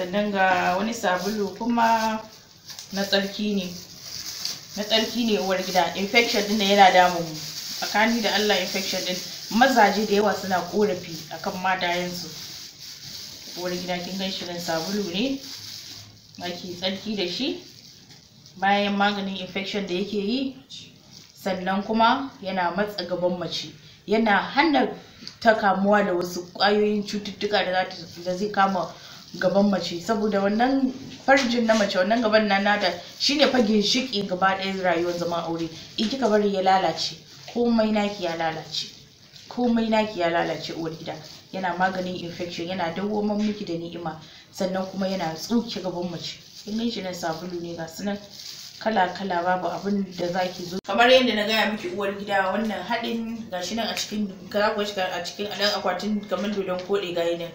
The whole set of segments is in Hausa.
sannan ga wani sabulu kuma na tsarki ne na tsarki ne uwar gida infection din yana damun mu tsakani da Allah infection din mazaje da yawa suna korafi akan matayensu uwar gida kin gan shi sabulu ne ake tsarki da shi bayan maganin infection da yake yi sannan kuma yana matsa gaban mace yana hana ta kamuwa da wasu ƙwayoyin cututtuka da zai kama gaban mace saboda wannan farjin na mace wannan gaban na nata shine fa ginshiki gaba ɗaya rayuwar zaman aure in kika bari ya lalace komai naki ya lalace komai naki ya lalace uwar gida yana maganin infection yana dawwamar miki da ni'ima sannan kuma yana tsuke gaban mace kin shi na sabulu ne ga sunan kala kala babu abin da zaki zo kamar yadda na gaya miki uwar gida wannan haɗin gashi nan a cikin a cikin akwatin kamar dodon koɗe gayi nan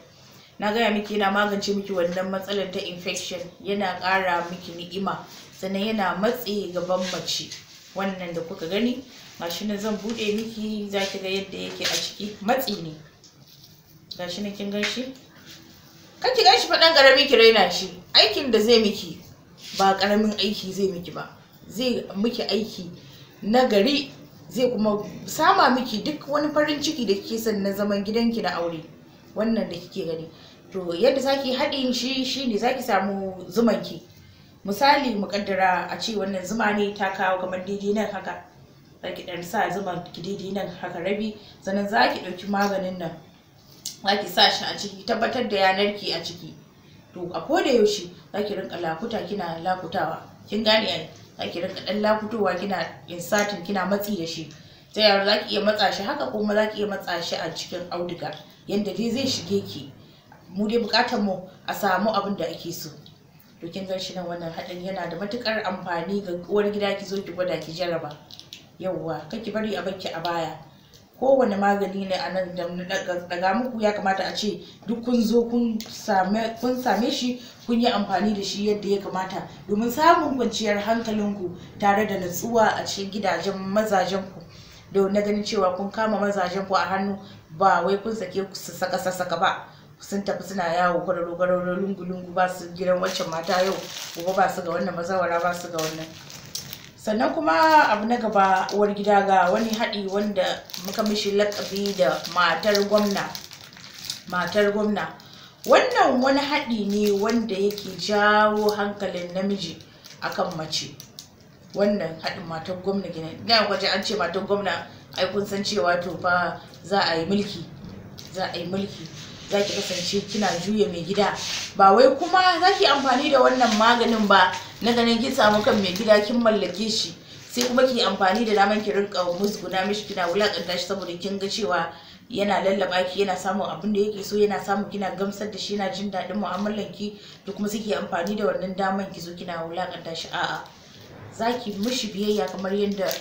na gaya miki yana magance miki wannan matsalar ta infection yana ƙara miki ni'ima sannan yana matse gaban mace wannan da kuka gani gashi nan zan buɗe miki za ki ga yadda yake a ciki matsi ne gashi nan kin ganshi kan ki ganshi fa dan karami ki raina shi aikin da zai miki ba karamin aiki zai miki ba zai miki aiki na gari zai kuma sama miki duk wani farin ciki da kike son na zaman gidanki na aure wannan da kike gani to yadda zaki haɗin shi shine zaki samu zuman ki misali mu kaddara a ce wannan zuma ne ta kawo kamar daidai nan haka zaki dan sa zuman ki daidai nan haka rabi sannan zaki ɗauki maganin nan zaki sa shi a ciki tabbatar da yanar ki a ciki to a koda yaushe zaki rinka lakuta kina lakutawa kin gane ai zaki rinka dan lakutowa kina insatin kina matsi da shi ta yaya za ki iya matsa shi haka kuma za ki iya matsa shi a cikin auduga yadda dai zai shige ki mu dai bukatar mu a samu abin da ake so to kin gan shi nan wannan haɗin yana da matukar amfani ga uwar gida ki zo ki gwada ki jaraba yawwa kar ki bari a baki a baya kowane magani ne a nan daga muku ya kamata a ce duk kun zo kun same shi kun yi amfani da shi yadda ya kamata domin samun kwanciyar hankalinku tare da natsuwa a cikin gidajen mazajenku da na ganin cewa kun kama mazajen ku a hannu ba wai kun sake su saka saka ba sun tafi suna yawo kwararo kwararo lungu lungu ba su gidan waccan mata yau gobe ba su ga wannan mazawara ba su ga wannan sannan kuma abu na gaba uwar gida ga wani haɗi wanda muka mishi lakabi da matar gwamna matar gwamna wannan wani haɗi ne wanda yake jawo hankalin namiji akan mace wannan haɗin matan gwamna gina ya kwace an ce matan gwamna ai san cewa to fa za a yi mulki za a yi mulki za ki kasance kina juya mai gida ba wai kuma za ki amfani da wannan maganin ba na ganin ki samu kan mai gida kin mallake shi sai kuma ki amfani da daman ki rinka musguna mishi kina wulakanta shi saboda kin ga cewa yana lallaba ki yana samun abin da yake so yana samun kina gamsar da shi yana jin daɗin mu'amalar ki to kuma suke amfani da wannan daman ki zo kina wulakanta shi a'a zaki mishi biyayya kamar yadda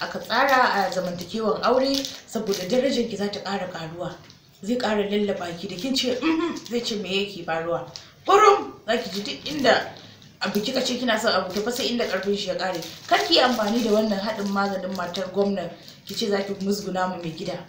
aka tsara a zamantakewan aure saboda darajar ki za ta ƙara ƙaruwa zai ƙara lallaba ki da kin ce mhm, zai ce me yake faruwa kurum zaki ji duk inda a kika ce kina son abu fa sai inda karfin shi ya kare kar ki amfani da wannan haɗin maganin matar gwamnan ki ce zaki musguna mu mai gida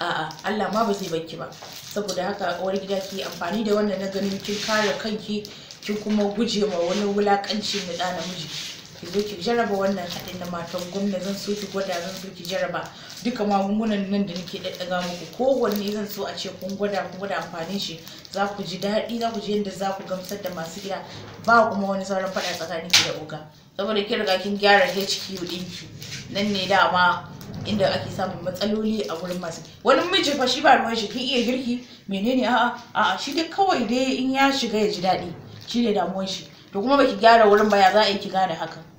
a'a Allah ma ba zai barki ba saboda haka uwar gida ki amfani da wannan na ganin kin kare kanki kin kuma guje ma wani wulakanci na ɗa namiji ki zo ki jaraba wannan haɗin da matan gwamna zan so ki gwada zan so ki jaraba duka magungunan nan da nake ɗaɗɗaga muku kowanne zan so a ce kun gwada kun gwada amfanin shi za ku ji daɗi za ku ji yadda za ku gamsar da masu gida ba kuma wani sauran faɗa tsakanin ki da oga saboda kin riga kin gyara HQ ɗinki nan ne dama inda ake samun matsaloli a wurin masu wani miji fa shi ba ruwan shi kin iya girki menene a'a a'a shi dai kawai dai in ya shiga ya ji daɗi shi ne damuwar shi to kuma baki gyara wurin ba ya za a yi ki gane hakan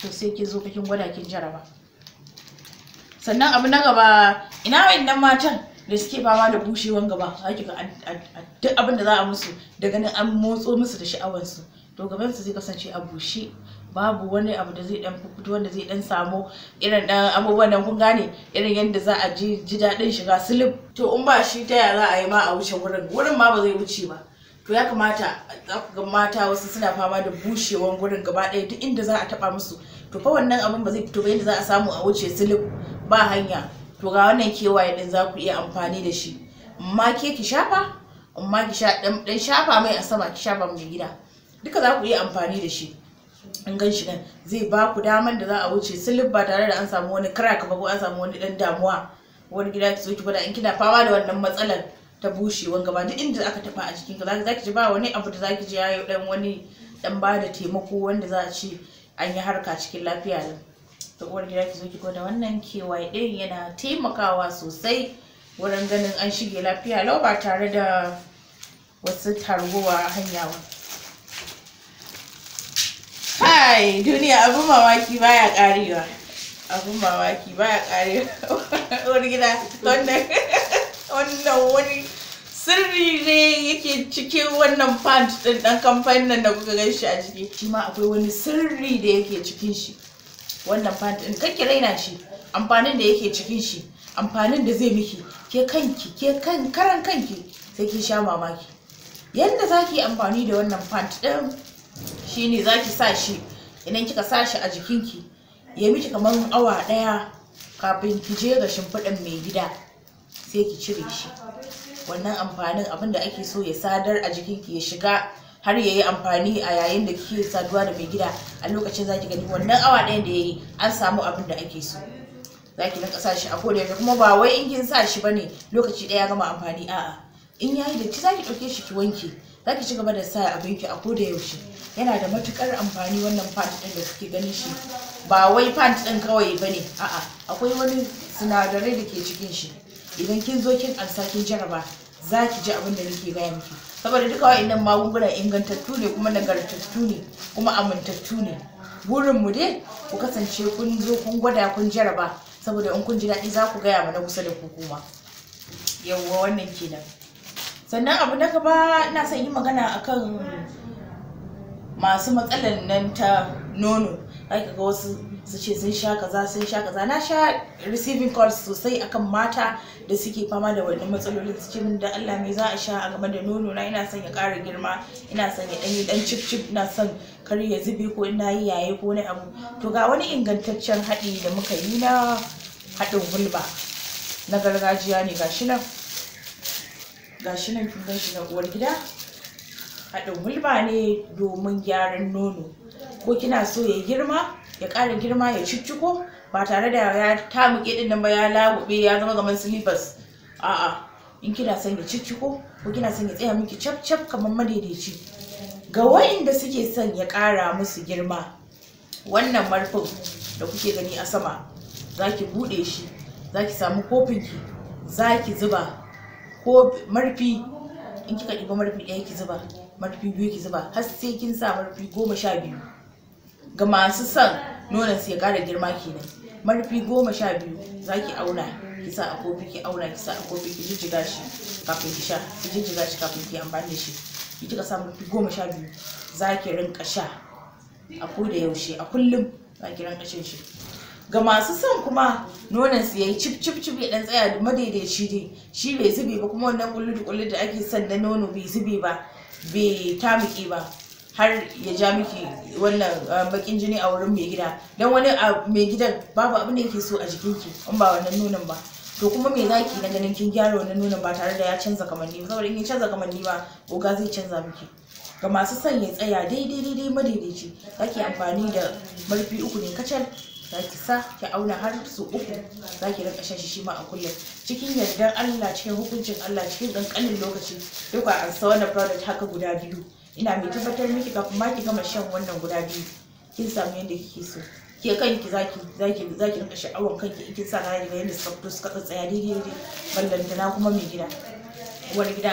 to sai ke zo kakin gwada kin jaraba sannan abu na gaba ina wayannan matan da suke fama da bushewan gaba haki ga duk abin da za a musu da ganin an motso musu da sha'awar su to gaban su zai kasance a bushe babu wani abu da zai dan fito wanda zai dan samu irin dan abubuwan nan kun gane irin yadda za a ji ji daɗin shiga silib to in ba shi ta yara za a yi ma a wuce wurin wurin ma ba zai wuce ba to ya kamata za ku ga mata wasu suna fama da bushewan gurin gaba ɗaya duk inda za a taɓa musu to fa wannan abin ba zai fito ba yadda za a samu a wuce silif ba hanya to ga wannan kewaye din za ku iya amfani da shi amma ke ki shafa amma ki sha dan shafa mai a sama ki shafa mai gida duka za ku iya amfani da shi in gan shi zai ba ku daman da za a wuce silif ba tare da an samu wani crack ba ko an samu wani dan damuwa wani gida ki zo ki gwada in kina fama da wannan matsalar ta bushewan gaba duk inda aka taba a jikin ka zaki ji ba wani abu da zaki ji yayi dan wani dan ba da taimako wanda za a ce an yi harka cikin lafiya da to uwar gida ki zo ki gwada wannan kewaye din yana taimakawa sosai wurin ganin an shige lafiya lau ba tare da wasu targowa hanya ba kai duniya abin mamaki baya karewa abin mamaki baya karewa uwar gida wannan wannan wani sirri ne yake cikin wannan pant din dan kamfanin da kuka gan shi a ciki shi ma akwai wani sirri da yake cikin shi wannan pant din kake raina shi amfanin da yake cikin shi amfanin da zai miki ke kanki ke kan karan kanki sai ki sha mamaki yanda zaki amfani da wannan pant din shine zaki sa shi idan kika sa shi a jikinki ya miki kamar awa daya kafin ki je ga shimfiɗin mai gida sai ki cire shi wannan amfanin abin da ake so ya sadar a jikinki ya shiga har ya yi amfani a yayin da kike saduwa da mai gida a lokacin zaki gani wannan awa ɗayan da ya yi an samu abin da ake so zaki rinka sa shi a koda yaushe kuma ba wai in kin sa shi bane lokaci ɗaya gama amfani a'a in yayi datti zaki ɗauke shi ki wanke zaki ci gaba da sa abin ki a da yaushe yana da matukar amfani wannan fat ɗin da kike ganin shi ba wai fat ɗin kawai bane a'a akwai wani sinadarai da ke cikin shi idan kin zo kin ansa kin jaraba za ki ji abin da nake gaya miki saboda duka wa'annan magunguna ingantattu ne kuma nagartattu ne kuma amintattu ne burin mu dai ku kasance kun zo kun gwada kun jaraba saboda in kun ji daɗi za ku gaya mana kusa da ku kuma yawwa wannan kenan sannan abu na gaba ina son yi magana akan masu matsalan nan ta nono za ga wasu su ce sun sha kaza sun sha kaza na sha receiving calls sosai akan mata da suke fama da wannan matsalolin su ce min da Allah me za a sha a game da nono na ina son ya ƙara girma ina son ya ɗanyi ɗan cip cip ina son kar ya zube ko ina yi yaye ko wani abu to ga wani ingantaccen haɗi da muka yi na haɗin gulba, na gargajiya ne gashi nan gashi nan kin na uwar gida haɗin gulba ne domin gyaran nono ko kina so ya girma ya ƙara girma ya cicciko ba tare da ya tamuke din nan ba ya lagube ya zama gaman silifas a'a in kina son ya cicciko ko kina son ya tsaya miki cap cap kamar madaidaici ga wa'inda suke son ya ƙara musu girma wannan marfin da kuke gani a sama za ki buɗe shi za samu kofinki za ki zuba ko marfi in kika ɗiba marfi ɗaya ki zuba marfi biyu ki zuba har sai kin sa marfi goma sha biyu ga masu son nonon sai ya ƙara girma kenan marfi goma sha biyu za ki auna ki sa a kofi ki auna ki sa a kofi ki jijjiga shi kafin ki sha ki jijjiga shi kafin ki amfani da shi ki kika sa marfi goma sha biyu za ki rinka sha a ko da yaushe a kullum za ki rinka shan shi ga masu son kuma nonon su yayi cip cip cip ya dan tsaya da madaidaici dai shi bai zube ba kuma wannan kullu da kullu da ake son na nono bai zube ba bai tamuke ba har ya ja miki wannan ah, bakin jini a wurin mai gida don wani ah, mai gidan babu abin da yake so a jikinki in ba wannan nunin ba to kuma me zaki na ganin kin gyara wannan nunin ba tare da ya canza kamanni ba saboda in ya canza kamanni ba oga zai canza miki ga masu son ya tsaya daidai daidai madaidaici zaki amfani da marfi uku ne kacal zaki sa ki auna har su uku zaki rinka shan shi shi ma a kullum cikin yardar Allah cikin hukuncin Allah cikin dankalin lokaci duka an sa wannan product haka guda biyu ina mai tabbatar miki kafin kuma ki gama shan wannan guda biyu kin samu yadda kike so ke kanki zaki zaki zaki rinka sha'awar kanki in kin sa kaya ga yadda suka fito suka tsaya daidai daidai ballanta na kuma mai gida wani gida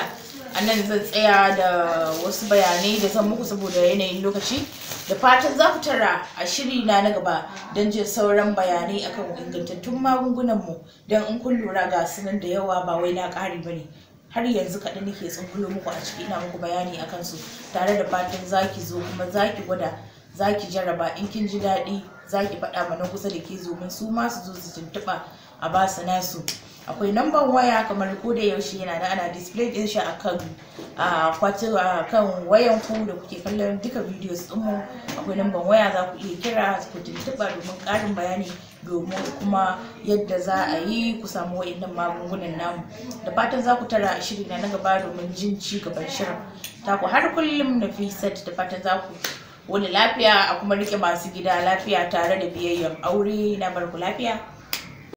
a nan zan tsaya da wasu bayanai da zan muku saboda yanayin lokaci da fatan za ku tara a shiri na na gaba don jin sauran bayanai akan ingantattun magungunan mu don in kun lura ga sunan da yawa ba wai na ƙari ne. har yanzu kaɗan nake tsungulo muku a ciki ina muku bayani a kansu tare da fatan zaki zo kuma zaki gwada zaki jaraba in kin ji daɗi zaki faɗa mana kusa da ke zo min su ma su zo su tuntuɓa a basu nasu akwai namban waya kamar ko da yaushe yana da ana display din shi akan akwatin akan wayan ku da kuke kallon duka videos din mu akwai namban waya za ku iya kira ku tuntuba domin karin bayani domin kuma yadda za a yi ku samu wa'annan magungunan namu da fatan za ku tara shiri na na gaba domin jin ci gaban shirin ta ku har kullum na fi set da fatan za ku wani lafiya a kuma rike masu gida lafiya tare da biyayyar aure na barku lafiya